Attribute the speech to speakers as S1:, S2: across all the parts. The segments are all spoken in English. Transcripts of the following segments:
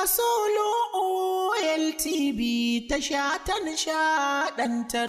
S1: a solo oltv sha ta nishadantar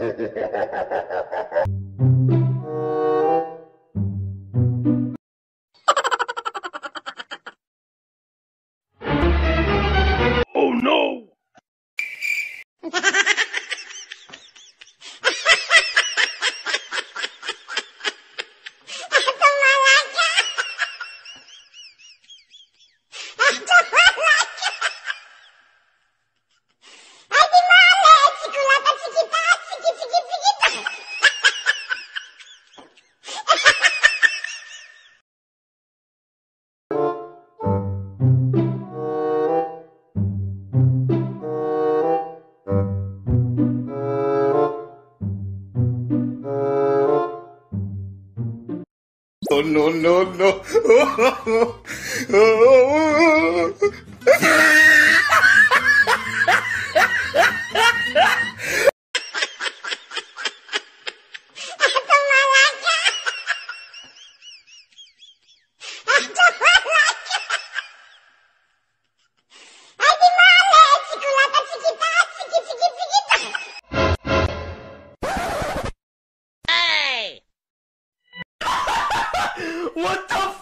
S2: Ha ha ha ha ha ha!
S1: Oh no no no!
S2: What the